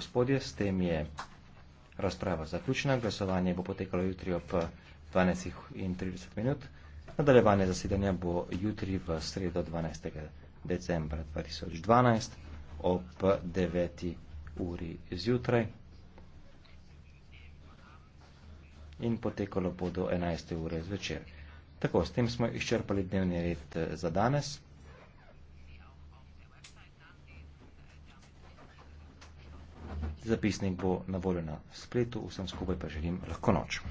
gospodje, s tem je razprava zaključena. Glasovanje bo potekalo jutri ob 12.30 minut. Nadaljevanje zasedanja bo jutri v sredo 12. decembra 2012 ob 9. uri zjutraj. In potekalo bo do 11. ure zvečer. Tako, s tem smo izčrpali dnevni red za danes. Zapisnik bo na voljo na spletu, vsem skupaj pa želim lahko noč.